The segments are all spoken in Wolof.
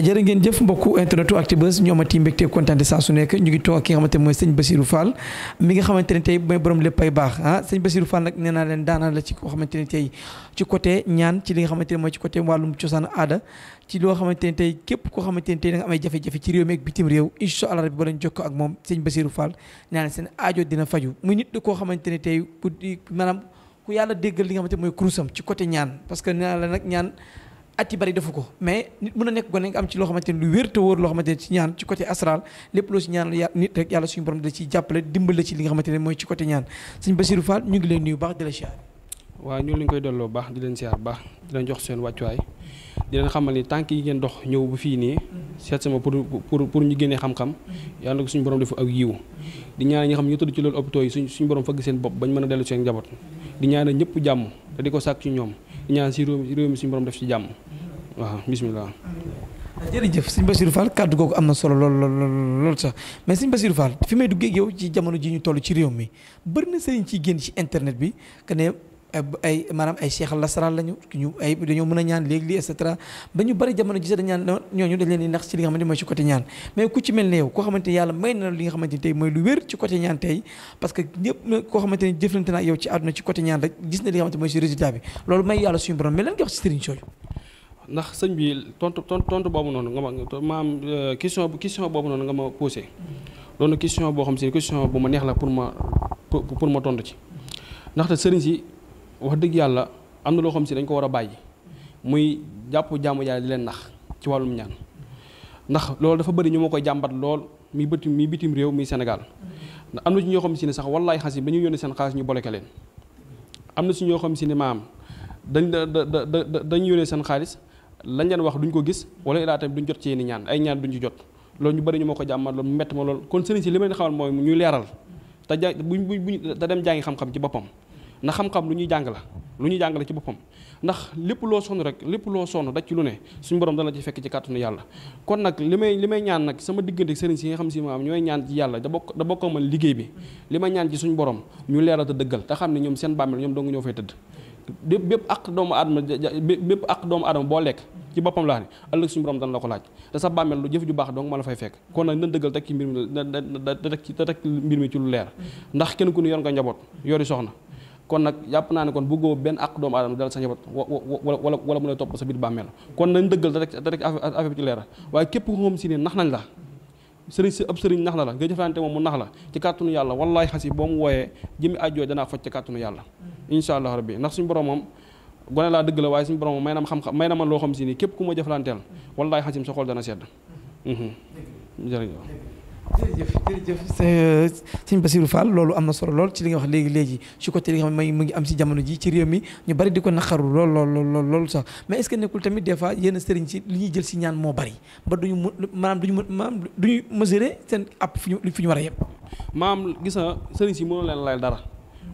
jërë ngeen jëf mbokku internetu Actubuzz ñu amati mbégte kontaan saa su nekk ñu ngi toog ki nga xamante mooy sëñ Basirou Fall mi nga xamante ne tey mooy borom lépp ay baax ah sëñ Basirou Fall nag nee naa leen daanaan la ci koo xamante jafe-jafe ci réew mi ak bitim réew incha allah rabbi ba lañ jokkoo ak moom sëñ Basirou Fall nee naa leen seen aajo dina faju muy nit koo xamante ne tey ku maanaam ku yàlla déggal li nga xamante mooy kurusam ci côté ñaan parce nee naa la nag ñaan at yi bari defu ko mais nit mën a nekk gone nga am ci loo xamante ne lu wér te wóor loo xamante ne ci ñaan ci côté astral lépp loo si ñaan ya nit rek yàlla suñu borom da baax di leen siyaar baax di leen jox seen wàccuwaay di leen xamal ni tànk yi ngeen dox ñëw bu fii nii seet sama pour pour pour ñu génnee xam-xam yàlla ko suñu borom defu ak yiw di ñaan ñi xam ñu tëdd ci loolu hôpitaux yi suñu borom fëgg seen bopp bañ mën a dellu seen njaboot di ñaanal ñëpp jàmm te di ko sàkk ci ñoom di ñaan si réew mi suñu borom def ci jàmm waaw bisimilah. jërëjëf sëñ Bassirou Fall kàddu googu am na solo lool lool lool sax mais sëñ Bassirou Fall fi may duggee ak yow ci jamono ji ñu toll ci réew mi bëri na sëriñ ciy génn ci internet bi que ne ay maanaam ay cheikh lasran lañu ñu ay dañoo mën a ñaan léegi lii et ba ñu bari jamono ji sax dañu ñaan ñooñu dañ leen di nax ci li nga xamante mooy ci côté ñaan tey parce que ñëpp koo xamante jëflante na yow ci àdduna ci côté ñaan rek gis na li nga xamante mooy ci résultat bi loolu may yàlla suñu borom mais lan nga wax ci sëriñ sooyu ndax sëñ bi tontu tontu boobu noonu nga ma euh, question question boobu noonu nga ma posé loolu question boo wax dëgg yàlla am na loo xam si dañ ko war a bàyyi muy jàpp jàmm yàlla di leen nax ci wàllum ñaan ndax loolu dafa bari ñu ma koy jàmbat lool mi bëti mi bitim réew mi Sénégal am na ci ñoo xam si ne sax wallaay xas yi ba ñuy yónnee seen xaalis ñu boleke leen am na si ñoo xam si ne maam dañ da da da dañ yónnee seen xaalis lañ leen wax duñ ko gis wala ilaa tamit duñ jot ci yenn ñaan ay ñaan duñ ci jot loolu ñu bëri ñu ma ko jàmbat loolu mu mett ma lool kon sëriñ si li ma leen xamal mooy ñu leeral te ja buñ buñ te dem jàngi xam-xam ci boppam ndax xam-xam lu ñuy jàng la lu ñuy jàng la ci boppam ndax lépp loo sonn rek lépp loo sonn daj ci lu ne suñ borom dana ci fekk ci kàttanu yàlla kon nag li may li may ñaan nag sama diggante sëriñ si nga xam si ma am ñooy ñaan ci yàlla da bokk da bokk man liggéey bi li may ñaan ci suñu borom ñu leeral te dëggal te xam ne ñoom seen bàmmeel ñoom dong ñoo fay tëdd bépp bépp ak doomu aadama bépp ak doomu adama boo lekk ci boppam laa ne ëllëg suñu borom dana la ko laaj sa bàmmeel lu jëf ju baax donc ma la fay fekk kon nag nan dëggal teg ci mbir da mbir mi ci lu leer ndax kenn ku ne yor nga njaboot yori soxna kon nag yàpp naa ne kon bëggoo benn àq doomu aadama dal sa njaboot wala wala mu lay topp sa biir bàmmeel kon nañ dëggal te rek te rek affaire bi ci leeral waaye képp ko moom si ne nax nañ la sëriñ si ab sëriñ nax na la nga jëflante moom mu nax la ci kàttanu yàlla wallaay xas yi mu wooyee jëmi ajjooy danaa faj ci kàttanu yàlla insha allah rabbi ndax suñu borom gone laa dëgg la waaye suñu borom may na ma xam-xam may na ma loo xam si nii képp sa jërëjëf jërëjëf euh, sëñ Basirou Fall loolu am na solo lool ci li nga wax léegi léegi ci côté li nga xam ne mu ngi am si jamono ji ci réew mi ñu bari di ko naqaru lool lool lool loolu sax mais est-ce que nekkul tamit des fois yenn sëriñ si li ñuy jël si ñaan moo bari ba duñu mu maanaam duñu maanaam duñu mesurer seen app fi ñu fi ñu war a yëpp maam gis na sëriñ si mënul leen lay dara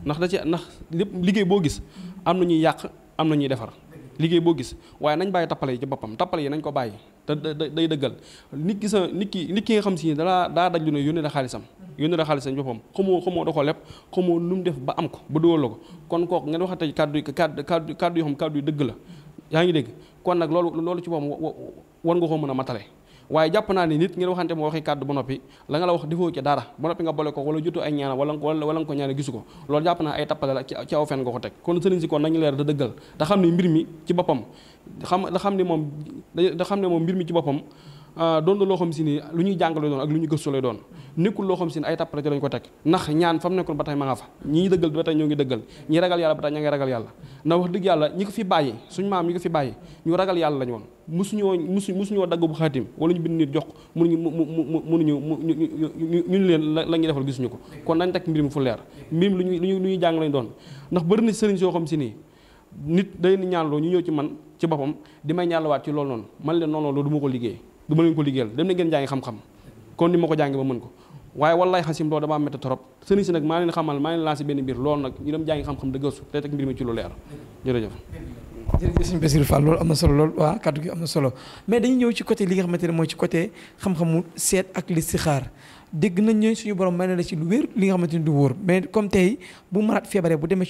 ndax da ci ndax lépp liggéey boo gis am na ñuy yàq am na ñuy defar liggéey boo gis waaye nañ bàyyi tappale ci boppam tappale yi nañ ko bàyyi te day dëggal nit ki sa nit ki nit ki nga xam si ne dalaa daa daj lu ne yónnee la xaalisam yónnee la xaalisam boppam xamoo xamoo da ko lepp xamoo nu mu def ba am ko ba dugal la ko kon kooku ngeen waxante kàddu kàddu kàddu kàddu yoo xam kàddu yu dëgg la yaa ngi dégg kon nag loolu loolu ci boppam war nga koo mën a matale waaye jàpp naa ni nit ngeen waxante moo waxi kàddu ba noppi la nga la wax defoo ci dara ba noppi nga boole ko wala jotu ay ñaana wala nga ko ñaana gisu ko loolu jàpp naa ay tappale la ci aw fen nga ko teg kon sëriñ si kon nañu leer da dëggal te xam ne mbir mi ci boppam xam da xam ne moom da xam ne moom mbir mi ci boppam Euh, doon na loo xam si ni lu ñuy jàngale lu ñu gëstu lay doon nekkul loo xam si ni ay tappale ko teg ndax ñaan fa mu nekkoon ba tey ma nga fa ñi dëggal ba tey ñoo ngi dëggal ñi ragal yàlla ba tey ña ngi ragal yàlla ndax wax yàlla ñi ko fi bàyyi suñu maam ñi ko fi bàyyi ñu ragal yàlla lañ woon musuñoo ñu bind leen la ñuy defal gisuñu ko kon nañ teg mbir mi fu leer mbir mi lu ñuy lu ñuy jàng lañ doon ndax bëri na sëriñ soo xam si nii nit ñaan loo ñu ñëw ci man ci boppam di may ñaanlawaat ci lool noonu man leen noonu loolu du ma ko liggéey du ma leen ko liggéeyal dem na ngeen jàngi xam-xam kon ni ma ko jàngi ba mën ko waaye wallaay xasim loolu damaa métti trop sëriñ si nag maa leen xamal maa leen lancé benn mbir loolu nag ñu dem jàngi xam-xam da suñu Bassirou Fall loolu am na solo loolu waa kaddu gi am na solo mais dañuy ñëw ci côté li nga xamante ne mooy ci côté xam-xamu seet ak listixaar dégg nañ suñu borom may na la ci lu wér li nga xamante ni du wóor mais comme tey bu malade feebaree bu demee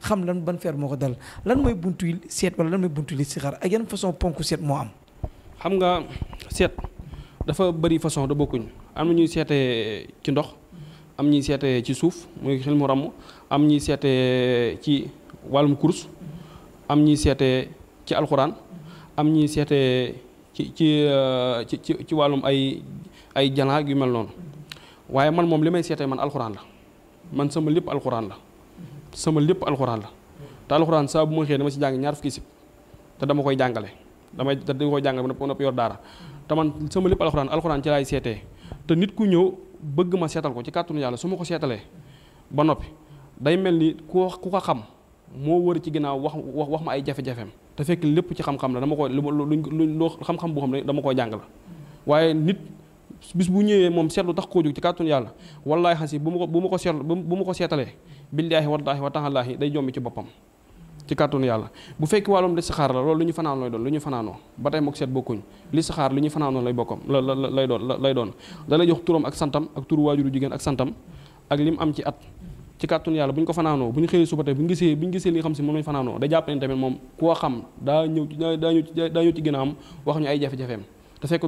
xam lan ban feer moo ko dal lan mooy buntu seet wala lan mooy buntu listixaar ak yan façon ponk seet moo am xam nga seet dafa bëri façon da bokkuñ am na ñuy seetee ci ndox am ñuy seete ci suuf muy xel mu ràmm am ñi seete ci wàllum course am ñuy seete ci alxuraan am ñuy seete ci euh, ci ci ci wàllum ay ay janaag yu mel noonu waaye man moom li may seete man alxuraan la man sama lépp alxuraan la sama lépp alxuraan la te alxuraan saa bu ma xëyee dama ci jàng ñaar fukki sib te dama koy jàngale damay di ko jàngal ba noppi yor daara te man sama lépp alxuraan alxuraan ci laay seetee te nit ku ñëw bëgg ma seetal ko ci kàttanu yàlla su ma ko seetalee ba noppi day mel ni ku ku ko xam moo wër ci ginnaaw wax wax wax ma ay jafe-jafeem te fekk lépp ci xam-xam la dama ko luñ loo xam-xam boo xam ne dama koo jàngal waaye nit bis bu ñëwee moom seetlu tax koo ci kàttanu yàlla wallaahi xasi bu ma ko bu ma ko seetlu bu ma ko seetalee billaahi wallaahi wa day jombi ci boppam ci kàttanu yàlla bu fekk wàllum listixaar la loolu lu ñu fanaan lay doon lu ñu fanaanoo ba tey mook seet bokkuñ listixaar lu ñu fanaanoo lay bokkom la la lay doon lay doon da lay jox turam ak santam ak turu waajuru jigéen ak santam ak lim am ci at ci kàttanu yàlla bu ñu ko fanaanoo bu ñu xëyee suba tey bu ñu gisee bu gisee li xam si moom lañu fanaanoo da jàpp xam daa ñëw daa ñëw daa am wax ñu ay jafe-jafeem te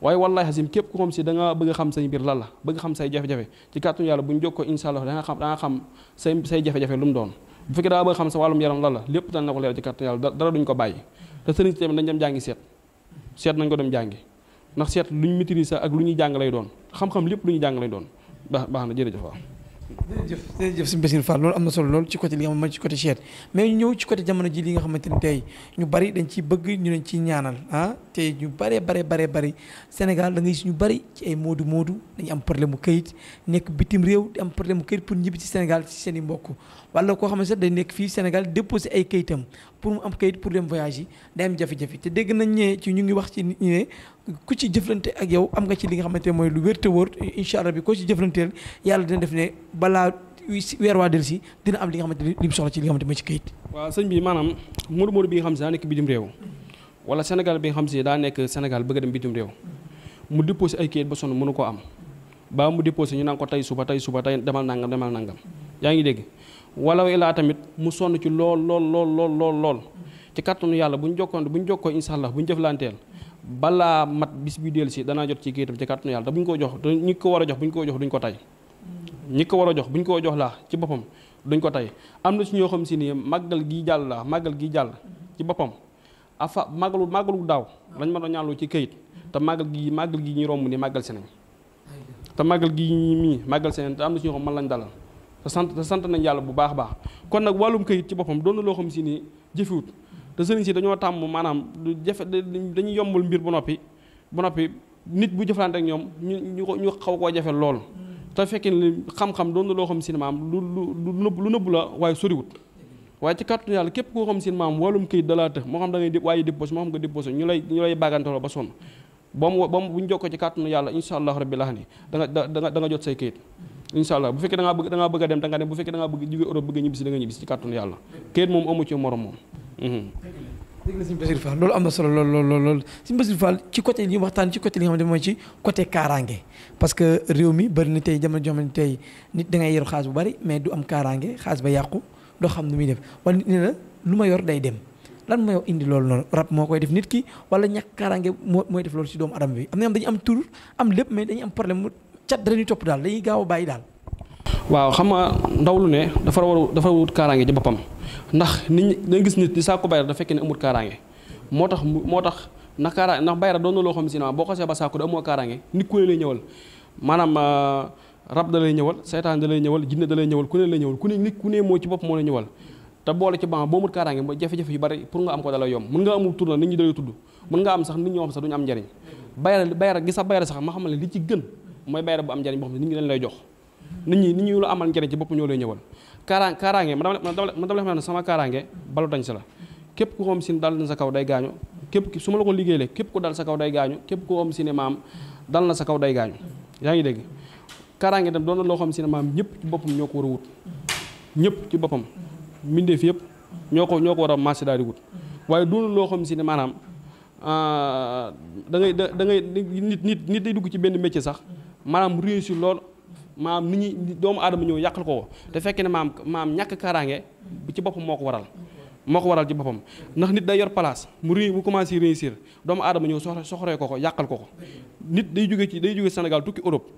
waaye wallahi xasim képp ku xam si da nga xam say mbir lan la bëgg xam say jafe-jafe ci kàttanu yàlla bu ñu jokkoo ko allah da nga xam da nga xam say say jafe-jafe lu mu doon bu fekkee daa bëgg xam sa wàllum yaram lan lépp daan na ko leer ci kàttan yàlla dara duñ ko bàyyi te sëriñ si ndax seet lu ñu maîtriser ak lu ñuy jàng doon xam-xam lépp lu ñuy jàng doon baax baax na jërëjëf waaw jërëjëf jërëjëf suñu am na solo loolu ci côté li nga xam ne ci côté seet mais ñu nga xamante ni tey ñu bari dañ ciy bëgg ñu leen ciy ñaanal ah tey ñu baree bare bare bari Sénégal da ngay gis ñu bari ci ay moodu moodu dañu am problème mu këyit nekk bitim réew di am problème mu këyit pour ci Sénégal ci seen i mbokk wala koo xam ne sax day nekk fii Sénégal déppo déposé ay kayitam pour mu am kayit pour dem voyage yi day am jafe-jafe te dégg nañ ñee ci ñu ngi wax ci nit ñi ne ku ci jëflante ak yow am nga ci li nga xamante mooy lu wér te wóor incha allah bi ko ci jëflanteel yàlla dina def ne balaa weer waa del si dina am li nga xamante ni li mu soxla ci li nga xamante mooy ci kayit. waaw sëñ bi maanaam Modou Modou bi nga xam si daa nekk bitim réew wala Sénégal bi nga xam si daa nekk Sénégal bëgg dem bitim réew mu déposé ay kayit ba sonn mënu koo am ba mu déposé ñu naan ko tey suba tey suba tey demal nangam demal nangam yaa ngi dégg wala laa tamit mu sonn ci lool lool lool lool lool ci kàttanu yàlla bu ñu jokkoon bu ñu jokkoo incha allah bu ñu jëflanteel balaa mat bis bi dellu si danaa jot ci kayitam ci kàttanu yàlla te bu ñu ko jox ñi ko war a jox bu ñu ko ko tay mm. ñi ko war a jox bu ñu ko jox laa ci boppam duñ ko tay am na si ñoo xam si ni màggal gi jàll laa màggal gii jàll ci boppam afa màggalu màggalu daaw lañ mën a ñaanlu ci kayit te màggal gii màggal gii ñu romb ni màggal si nañ te màggal gii mii màggal si nañ te am na si ñoo xam te sant te sant nañ yàlla bu baax a baax kon nag wàllum kayit ci boppam doon na loo xam si ni jëfiwut te sëriñ si dañoo tàmm maanaam du jafe dañuy yombul mbir ba noppi ba noppi nit bu jëflante ak ñoom ñu ñu ko ñu xaw koo jafe lool. te fekkee ni xam-xam doon na loo xam si ne maam lu lu nëbb lu nëbb la waaye soriwut waaye ci kàttu yàlla képp koo xam si ne maam wàllum kayit dalaa të moo xam da ngay di waaye déposé moo xam nga déposé ñu lay ñu lay bàggantaloo ba sonn ba mu ba mu bu ñu jokkoo ci kàttanu yàlla incha allah rabbil alamin da nga da nga jot say kayit incha allah bu fekkee da bëgg da bëgg a dem da dem bu fekkee da bëgg jóge Europe bëgg a ñibbisi da nga ñibbisi ci kàttanu yàlla kayit moom amu ci morom moom mhm. dégg loolu am na solo lool lool lool Sëñ Bassirou ci côté li waxtaan ci côté li nga xamante mooy ci côté kaaraange parce réew mi bëri na tey jamono joo xam ne tey nit da ngay yor xaalis bu bari mais du am kaaraange xaalis ba yàqu doo xam nu muy def wala nit ne la lu ma yor day dem lan moo indi loolu noonu rab moo koy def nit ki wala ñàkk kaaraange moo mooy def loolu si doomu adama bi am na dañu am tur am lépp mais dañuy am problème mu cat topp daal dañuy gaaw a bàyyi daal. waaw xam nga ndaw lu ne dafa war dafa wut kaaraange ci boppam ndax nit ñi dañu gis nit di saako bayra dafa fekkee ne amut kaaraange moo tax mu moo tax ndax kaaraange ndax bayra doon na loo xam si ne boo xasee ba saako da amoo kaaraange nit ku ne lay ñëwal maanaam euh, rab da lay ñëwal seytaan da lay ñëwal jinne da lay ñëwal ku ne lay ñëwal ku ne nit ku ne moo ci bopp moo lay ñëwal te boole ci ban boo mut kaaraange ba jafe-jafe yu bari pour nga am ko dala yomb mën nga amul tourna nit ñi dañuy tudd mën nga am sax nit ñoo xam am njariñ bayra bayra gi sax bayra sax ma xam li ci gën mooy bayra bu am njariñ boo xam ne nit ñi dañ lay jox nit ñi nit ñi la amal njariñ ci bopp ñoo lay ñëwal kaaraange kaaraange ma dama la xam ne sama kaaraange balu dañ si la képp ku xam si ne dal na sa kaw day gaañu képp su ma la ko liggéeyee képp ku dal sa kaw gaañu képp ku xam si ne maam dal na sa kaw day gaañu yaa ngi dégg kaaraange dem doon loo xam si ne maam ñëpp ci ko war a ñëpp ci boppam mbindeef yëpp ñoo ko ñoo ko war a marché daal di wut waaye doonu loo xam si ne maanaam ah, da dangay da da ngay nit nit nit day dugg ci benn métier sax maanaam réussir lool maam nit ñi doomu aadama ñëw yàqal ko te fekkee ne maam maam ñàkk kaaraange bu ci boppam moo ko waral moo ko waral ci boppam ndax nit day yor place mu ré mu commencé réussir doomu aadama ñëw soxla soxoree ko ko yàqal ko ko nit day jóge ci day jóge senegal tukki Europe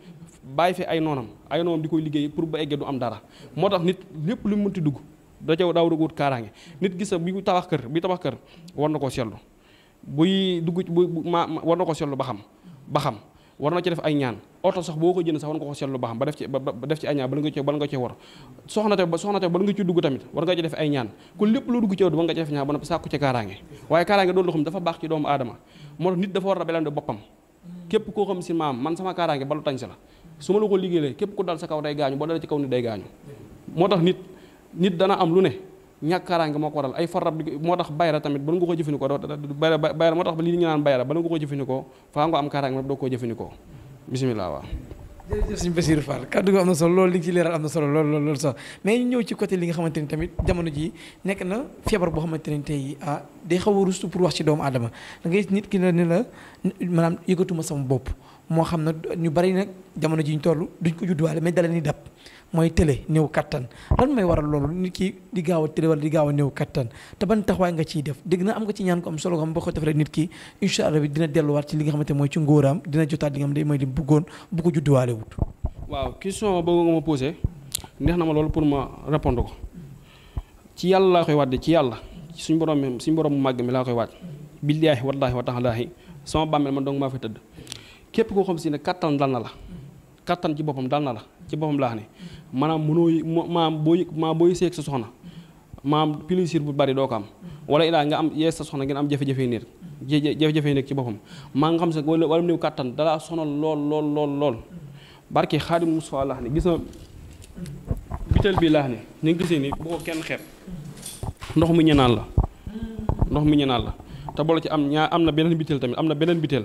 bàyyi fi ay noonam ay noonam di koy liggéey pour ba du am dara moo tax nit lépp lu mu mënti dugg da ca daaw wut kaaraange nit gis na bi tabax kër bi tabax kër war na ko seetlu buy dugg bu ma war na koo seetlu ba xam ba xam war na ci def ay ñaan sax boo ko jënd sax war nga ko seetlu ba xam ba def ci ba def ci ay ñaan bala nga ci tamit war nga ci def ay ñaan kon lépp loo dugg ci war nga ci def ñaan ba noppi sàkku ci kaaraange waaye kaaraange doon loo dafa baax ci doomu aadama moo tax nit dafa war a belande boppam képp koo xam si maam man sama kaaraange balu tañ si la su ma la ko liggéeyee képp ku dal sa kaw day gaañu boo dalee moo tax nit nit dana am lu ne ñàkkaaraange moo ko waral ay farab moo tax bayra tamit bala nga ko jëfandikoo bayra bayra moo tax lii ñu naan bayra bala nga ko jëfandikoo faa nga am kaaraange doo koo jëfandikoo bisimilah waaw. jërëjëf suñu Bassirou Fall kaddu gi am na solo loolu li nga ci leeral am na solo lool lool lool sax mais ñu ñëw ci côté li nga xamante tamit jamono ji nekk na feebar boo xamante ne tey ah day xaw a rustu pour wax ci doomu aadama da ngay nit ki ne la maanaam yëgatuma sama bopp. moo xam na ñu bari nag jamono ji ñu toll duñ ko judduwaale mais dalee ni dab mooy télé néew kattan lan mooy waral loolu nit ki di gaaw a télé wala di gaaw a néew kattan te ban taxawaay nga ciy def dégg na am nga ci ñaan ko solo xam boo ko defee nit ki incha allah bi dina delluwaat ci li nga xamante mooy ci ngóoraam dina jotaat li nga xamante mooy li bëggoon bu ko judduwaale wut. waaw question boobu nga ma posé neex na ma loolu pour ma répondre ko ci yàlla laa koy de ci yàlla suñu borom mi suñu borom mu màgg mi laa koy waat billaahi wallaahi wa taalaahi sama bàmmeel man dong maa fa tëdd képp koo xam si ne kattan dal na la kattan ci boppam dal na la ci boppam laax ne maanaam mënoo maam boo maam booy seeg sa soxna maam plaisir bu bari doo ko am wala ilaa nga am sa soxna ngeen am jafe-jafe ci boppam maa xam si wala wala néew kattan dalaa sonal lool lool lool lool barke xaadim Mustafaa laax ne gis na bitel bi laax ne ni nga gisee ni bu ko kenn xeeb ndox mu ñenaan la ndox mu ñenaan la te boole ci am ñaa am na beneen bitel tamit am na beneen bitel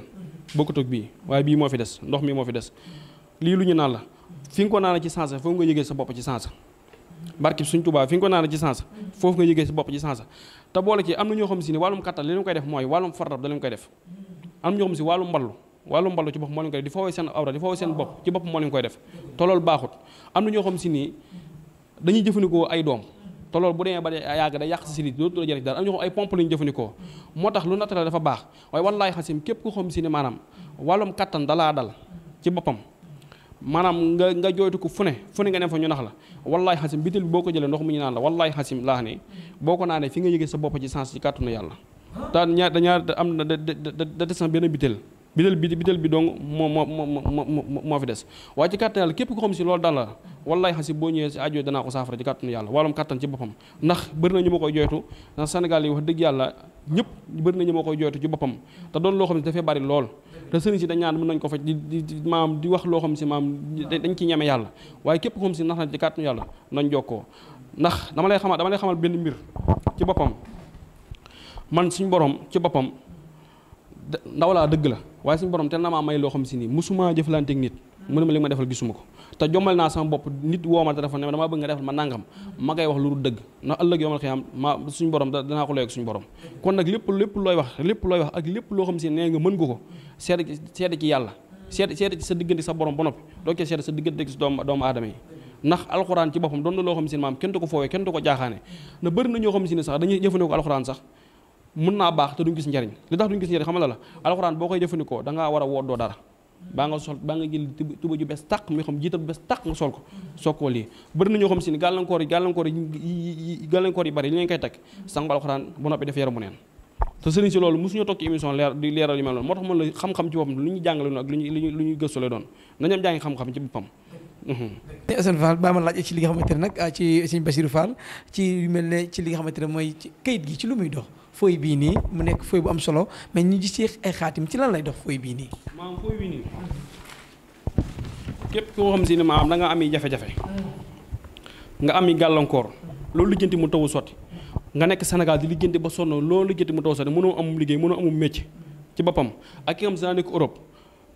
bokkut ak bii waaye bii moo fi des ndox mi moo fi des lii lu ñu naan la fi nga ko naan ci sansa foofu nga yëgee sa bopp ci sansa barki suñ Tuubaa fi nga ko naan ci sansa foofu bopp ci sansa te boole ci am na ñoo xam si ne wàllum kattan li leen koy def mooy wàllum fardab da leen koy def am na ñoo xam si wàllum mballu wàllum mballu ci bopp moo leen koy def di fawee seen awra di fawee seen bopp ci bopp moo leen koy def te baaxut am na ñoo xam si nii dañuy jëfandikoo ay doom te loolu bu demee ba yàgg day yàq sa sili dootu la jëriñ dafa baax waaye wallaay xasim képp ko xam si ne maanaam wàllum kattan dalaa dal ci boppam maanaam nga nga jooytu ko fu ne fu ne nga ne fa ñu nax la wallaay xasim bitil boo ko jëlee ndox mu ñu naan la wallaay xasim laa ne boo ko naanee fi nga yëgee sa bopp ci sens ci kàttanu yàlla. daan ñaar dañaar am na da da da des na benn bitil bidel bi bidel bi dong moo moo moo moo fi des waaye ci kàttan yàlla képp ko xam si loolu daal la wallaay xasi boo ñëwee si ajo danaa ko saafara ci kàttanu yàlla wàllum kàttan ci boppam ndax bëri na ñu ma koy joytu ndax Sénégal yi wax dëgg yàlla ñëpp bëri na ñu koy joytu ci boppam te doon loo xam ne dafay lool si dañ naan mën nañ ko faj di di maam wax loo xam si maam dañ ci ñeme yàlla waaye képp ko xam si nax na ci kàttanu yàlla nañ ko ndax dama lay xamal dama lay xamal benn mbir ci boppam man suñu boroom ci boppam ndaw laa dëgg la waaye suñu borom tel na maa may loo xam si nii musuma jëflanteeg nit hmm. mu ne ma li ma defal gisuma ko te jombal naa sama bopp nit woo ma defal ma nangam ma koy wax lu dul dëgg ndax ëllëg yomal xiyaam ma suñu borom danaa ko lay ak suñu borom kon nag lépp lépp looy wax lépp looy wax ak lépp loo xam si nee nga mën nga ko seede seede ci yàlla seede seede ci sa diggante sa borom ba noppi doo sa diggante ci doomu aadama yi ndax alxuraan mun naa baax te duñ gis njariñ li tax duñ gis njariñ xam la alxuraan boo koy jëfandikoo da ngaa war a woddoo dara baa nga sol baa nga jël tuba ju bees tàq muy jiital bu bees tàq nga sol ko soo koo lii bëri na ñoo xam si ni gàllankoor yi gàllankoor yi gàllankoor leen koy teg sangu alxuraan bu noppi def yaramu neen te sëriñ si loolu mosuñoo tokki émission leer di leeral yu mel noonu moo tax mën la xam-xam ci boppam lu ñu jàngale ak lu ñu lu ñuy gëstu lay doon xam-xam ci boppam mhm. Assane Fall baa ma laaj ci li nga ne nag li nga xamante ne mooy kayit gi ci lu muy fooy bii nii mu nekk fooy bu am solo mais ñu gis ci ay xaatim ci lan lay dox fooy bii nii. maam képp koo xam si ne maa am nga am jafe-jafe nga am gàllankoor loolu lijjanti mu tawu sotti nga nekk Sénégal di lijjanti ba sonn loolu lijjanti mu taw sotti mënoo amum liggéey mënoo amum métier ci boppam ak ki nga xam si daa nekk Europe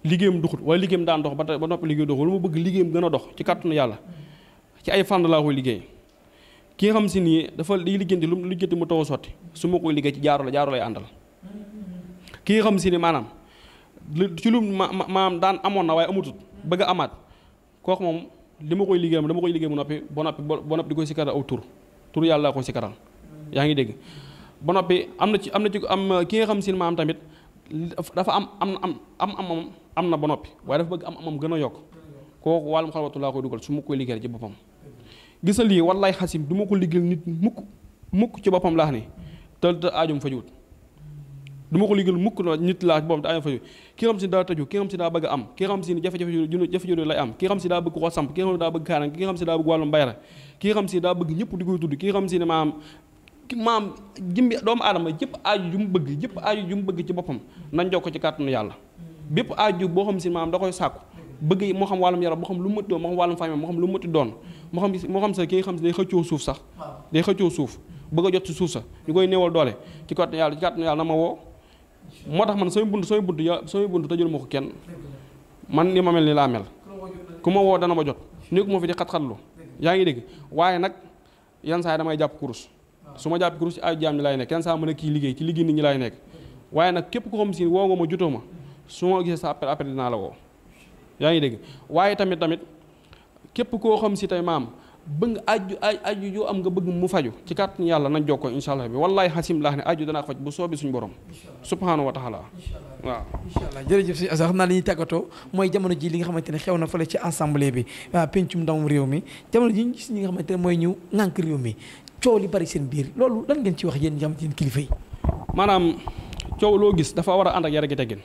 liggéeyam duxut wala liggéeyam daan dox ba noppi liggéey dox wala mu bëgg liggéeyam gën a dox ci kàttanu yàlla ci ay fànn laa liggéey ki nga xam si nii dafa day liggéenti lu liggéenti mu taw a sotti su ma koy liggéey ci jaaro la jaaro lay àndal ki nga xam si ni maanaam ci lu ma maam daan amoon na waaye amutut bëgg a amaat kooku moom li ma koy liggéey dama koy liggéey bu noppi ba noppi ba noppi di koy sikkaral aw tur tur yàlla koy sikkaral yaa ngi dégg ba noppi am na ci am na ci am ki xam si ne tamit dafa am am am am am am na ba noppi waaye dafa bëgg am amam gën a yokk kooku wàllum xalwatu dugal su ma koy liggéeyal ci boppam gisal lii wallaay xasim du ma ko liggéeyal nit mukk mukk ci boppam laax ne te te aajum fajuwut du ma ko liggéeyal mukk no nit laax boppam te aajum fajuwut ki xam si daa tëju ki xam si daa bëgg am ki xam si ni jafe-jafe jafe-jafe lay am ki xam si daa bëgg ko samp ki xam daa bëgg kaaraan ki xam si daa bëgg wàllum bayra ki xam si daa bëgg ñëpp di koy tudd ki xam si ne maam maam jëmbi doomu aadama jëpp aaju ju mu bëgg jëpp aaju ju mu bëgg ci boppam nañ jox ko ci kàttanu yàlla bépp aaju boo xam si maam da koy sàkku bëgg moo xam wàllum yaram moo xam lu mu mënti doon moo xam wàllum famille moo xam lu mu mënti doon moo xam moo xam sax ki nga xam si day xëccoo suuf sax day xëccoo suuf bëgg a jot si suuf sa ñu koy néewal doole ci kàttan yàlla ci kàttan yàlla na ma woo moo tax man samay bunt samay bunt ya samay bunt tëjul ma ko kenn man ni ma mel ni laa mel ku ma woo dana ma jot nekku ma fi di xat-xatlu yaa ngi dégg waaye nag yan saa yi damay jàpp kurus su ma jàpp kurus ci ay jaam ñi laay nekk yan saa mën a kii liggéey ci liggéey nit ñi laay nekk waaye nag képp ko xam si woo nga ma jutoo ma su ma gisee sa appel appel dinaa la woo yaa ngi dégg waaye tamit tamit képp koo xam si tey maam bëgg aju aju ju am nga bëgg mu faju ci kàttan yàlla nañ jokkoo incha allah bi wallaay xasim laax ne aju danaa ko faj bu soobee suñu borom. subhaanahu wa taala waaw. incha allah jërëjëf suñu asa xam naa li ñuy tàggatoo mooy jamono ji li nga xamante ne xew na fële ci assemblée bi waa pencum ndawum réew mi jamono ji ñu gis ñi nga xamante ne mooy ñëw ŋànk réew mi coow li bari seen biir loolu lan ngeen ci wax yéen ñi nga xamante ne maanaam coow loo gis dafa war a ànd ak yar gi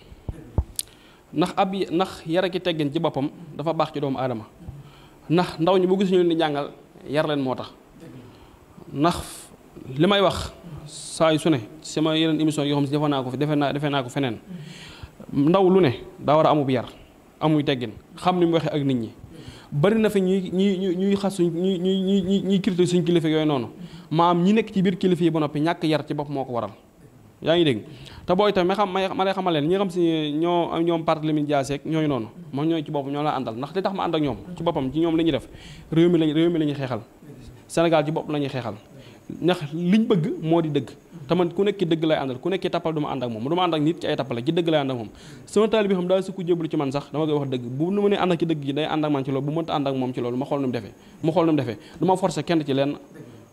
ndax ab ndax yar ak teggin ci boppam dafa baax ci doomu aadama ndax ndaw ñi bu gis ñu ni jàngal yar leen moo tax ndax li may wax saa yu su ne sama yeneen émission yoo xam si defe naa ko defe naa defe naa ko feneen ndaw lu ne daa war a amub yar amuy teggin xam ni mu waxee ak nit ñi bari na fi ñuy ñuy ñuy xas suñ ñuy ñuy ñuy ñuy critique suñ kilifa yooyu noonu maam ñi nekk ci biir kilifa yi ba noppi ñàkk yar ci bopp moo ko waral. yaa ngi dégg te booy itam ma xam ma leen ñi nga xam si ñoo ñoom Barthélémy Dias ak ñooñu noonu moom ñooñu ci boppam ñoo la àndal ndax li tax ma ànd ak ñoom ci boppam ci ñoom la ñuy def réew mi lañ réew la ñuy xeexal Sénégal ci bopp bëgg moo di dëgg te man ku nekk ki dëgg lay àndal ku nekk ànd ak moom du ma ànd ak nit ci ay tappale ci dëgg lay ànd ak moom sama taalibe bi xam daal sukku jéblu ci man sax dama koy wax dëgg bu nu ma ne ànd ak ci dëgg gi day ànd ak man ci loolu moom ci loolu ma xool nu mu defee ma kenn ci leen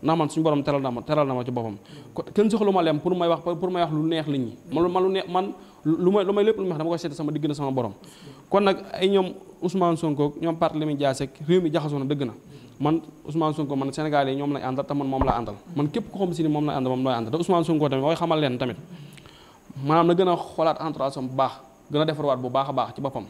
ndax man suñu borom teral na ma teral na ma ci boppam kenn soxlu ma lem pour may wax pour may wax lu neex nit ñi man man lu neex man lu may lépp lu may dama koy seet sama digg na sama borom kon nag ay ñoom Ousmane Sonko ñoom Barthélémy Dias ak réew mi jaxasoo na dëgg na man Ousmane Sonko man Sénégal yi ñoom lañ àndal te man moom la àndal man képp ko xam si ni moom la àndal moom looy àndal te Ousmane Sonko tamit ma koy xamal leen tamit maanaam na gën a xoolaat entourage bu baax gën a bu baax a ci boppam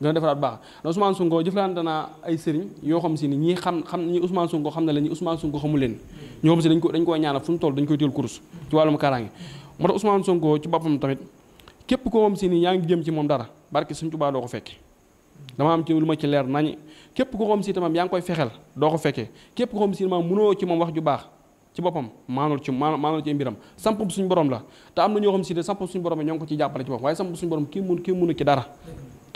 dana defaraat baax na Ousmane Sonko jëflante naa ay sëriñ yoo xam si ni ñii xam xam ñi Ousmane Sonko xam na la ñi Ousmane Sonko xamul leen ñoo xam si dañ ko dañ koy dañ koy téel course ci wàllum kaaraange moo tax Ousmane Sonko ci boppam tamit képp koo xam ngi jëm ci moom dara barke Sëriñ Tuubaa doo ko fekke dama am ci lu ma ci leer nañ képp koo xam si tamam yaa ngi koy fexeel doo ko fekkee képp koo xam si maam mënoo ci moom wax ju baax ci boppam maanul ci maanul ci mbiram samp suñu borom la te am na ñoo xam si ne samp suñu borom ñoo ko ci jàppale ci boppam waaye samp suñu borom kii mun kii mënu ci dara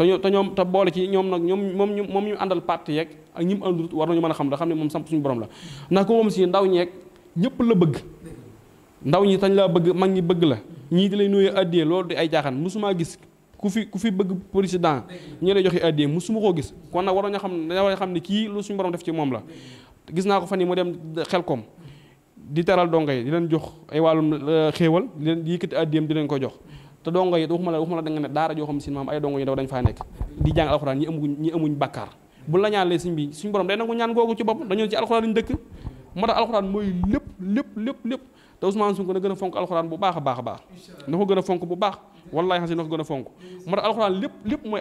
te te ñoom te boole ci ñoom nag ñoom moom ñu moom ñu àndal parti yeeg ak ñi mu war nañu mën a xam da xam ne moom samp suñu borom la ndax si ndaw ñeeg ñëpp la bëgg ndaw ñi tañ laa bëgg mag ñi bëgg la ñii di lay nuyee addiyee loolu di ay jaaxaan musuma gis ku fi ku fi bëgg président ñi lay joxe addiyee musuma koo gis kon nag waroon ñoo xam dañoo war a xam ne kii lu suñ borom def ci moom la gis naa ko fan yi mu dem xel koom di teral donga yi di leen jox ay wàllum euh, xéewal di leen yëkkati addiyam di leen ko jox te dongo yi waxuma la waxuma da nga ne daara joo xam si maam ay dongo yu ndaw dañ faa nekk di jàng alxuraan ñi amuñ ñi bu la ñaanlee suñ bi suñ borom day nangu ñaan googu ci bopp dañu ci lépp lépp lépp lépp te Ousmane a fonk bu baax a baax a baax na ko gën a fonk bu baax wallaay xasi na ko gën a fonk moo tax alxuraan lépp lépp mooy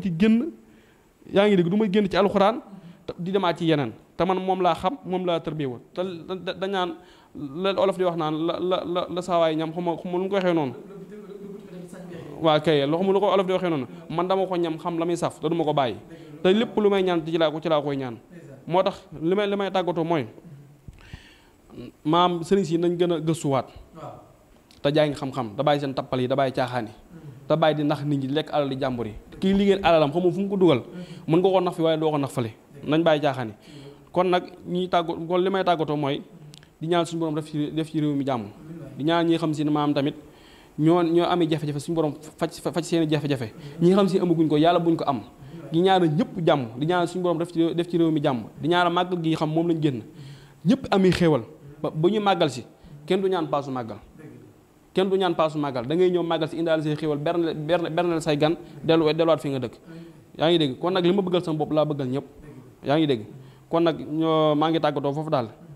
ci ngi dégg du ma génn ci alxuraan di demaat ci yeneen te man moom laa xam moom laa tërbiwa te dañaan la olof di wax naan la la la la saawaay ñam xuma xuma lu mu ko waxee noonu waa kay loo xuma lu ko olof di waxee noonu man dama ko ñam xam la muy saf te duma ko bàyyi te lépp lu may ñaan ci laa ko ci laa koy ñaan moo tax li may li may tàggatoo mooy maam sëriñ si nañ gën a gëstuwaat te jaay nga xam da bàyyi seen tappal yi da bàyyi caaxaan yi da bàyyi di nax nit lekk alal di jàmbur yi kii liggéey alalam xamul fu mu ko dugal mën nga ko nax fi waaye doo ko nax fale nañ bàyyi caaxaan li may tàggatoo mooy di ñaan suñu borom def ci def ci réew mi jàmm di ñaan ñi xam si ne maam tamit ñoo ñoo amee jafe-jafe suñu borom faj faj seen i jafe-jafe ñi xam si amaguñ ko yàlla buñ ko am di ñaanal ñëpp jàmm di ñaanal suñu borom def ci def ci réew mi jàmm di ñaanal màggal gi xam moom lañu génn ñëpp ami xéewal ba bu ñu màggal si kenn du ñaan paasu màggal kenn du ñaan paasu màggal da ngay ñëw màggal si indaale say xéewal berne berne say gan dellu delluwaat fi nga dëkk yaa ngi dégg kon nag li ma bëggal sama bopp laa bëggal ñëpp yaa ngi dégg kon nag ñoo maa ngi tàggatoo foofu daal